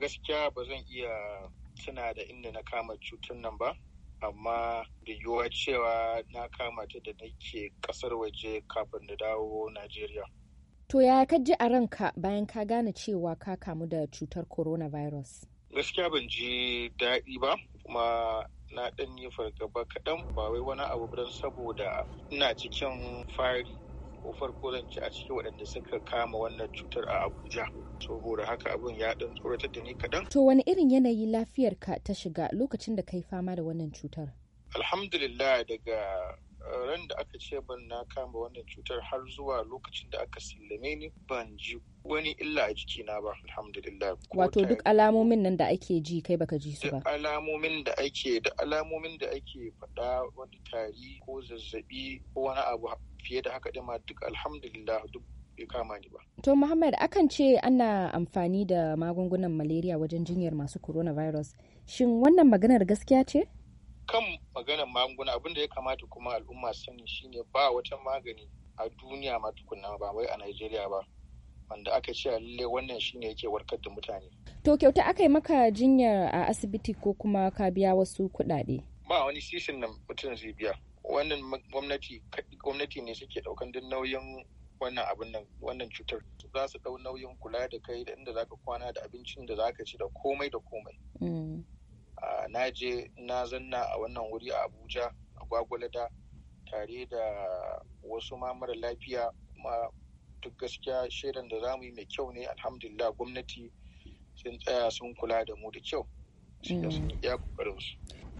gaskiya ba zan iya tuna da inda na kama cutar nan ba amma da yiwuwa cewa na kama ta da nake kasar waje kafin da dawo najeriya to ya ka ji a ranka bayan ka gane cewa ka kamu da cutar coronavirus gaskiya ban ji daɗi ba kuma na ɗan yi fargaba kaɗan ba wai wani abu don saboda ina cikin fari ko farko zan ci a ciki waɗanda suka kama wannan cutar a Abuja. Saboda haka abin ya ɗan tsoratar da ni kaɗan. To wani irin yanayi lafiyarka ta shiga lokacin da kai fama da wannan cutar? Alhamdulillah daga ran da aka ce ban na kama wannan cutar har zuwa lokacin da aka sallame ni ban ji wani illa a jikina ba alhamdulillah wato duk alamomin nan da ake ji kai baka ji su ba alamomin da ake da alamomin da ake faɗa wani tari ko zazzabi ko wani abu fiye da haka dama duk alhamdulillah duk bai kama ni ba. To Muhammad akan ce ana amfani da magungunan malaria wajen jinyar masu coronavirus. Shin wannan maganar gaskiya ce? kan maganar magunguna abin da ya kamata kuma al'umma sani shine ba wata magani a duniya ma tukunna ba wai a Najeriya ba wanda aka ce lalle wannan shine yake warkar da mutane. To kyauta aka yi maka jinyar a asibiti ko kuma ka biya wasu kuɗaɗe? Ba wani sisin nan mutum zai biya. Wannan gwamnati gwamnati ne suke ɗaukan duk nauyin wannan abin nan wannan cutar za su dau nauyin kula da kai da inda zaka kwana da abincin da zaka ci da komai da komai. Mm. na je na zanna a wannan wuri a abuja a gwagwalada tare da wasu ma mara lafiya kuma duk gaskiya shaidan da zamu yi mai kyau ne alhamdulillah gwamnati sun tsaya sun kula da mu da kyau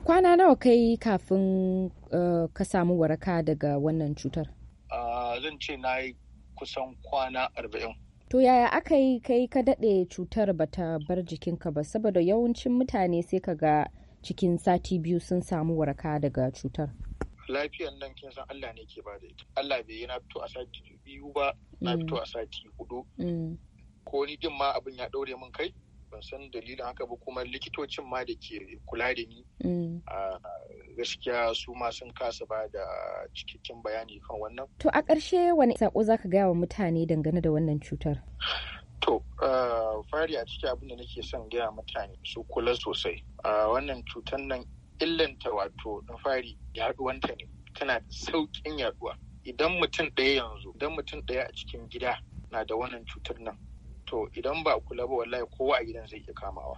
kwana nawa kai kafin uh, ka samu waraka daga wannan cutar zan ce na yi kusan kwana arba'in To yaya aka yi kai ka daɗe cutar bata bar jikinka ba saboda yawancin mutane sai ka ga cikin sati biyu sun samu waraka daga cutar. Lafiyan nan kin san Allah ne ke bada ita. Allah bai yi na fito a sati biyu ba, na mm. fito a sati hudu. Mm. Ko ni din ma abin ya ɗaure min kai, ban san dalilin haka ba kuma likitocin ma da ke kula da ni mm. a gaskiya su ma sun kasa ba da cikakken bayani kan wannan. To a ƙarshe wani sako za ka gaya wa mutane dangane da wannan cutar? To, fari a ciki abin da nake son gaya mutane su kula sosai. Wannan cutar nan illanta wato na fari yaduwanta ne tana da sauƙin yaduwa. Idan mutum ɗaya yanzu, idan mutum ɗaya a cikin gida na da wannan cutar nan, to idan ba kula ba wallahi kowa a gidan zai iya kamawa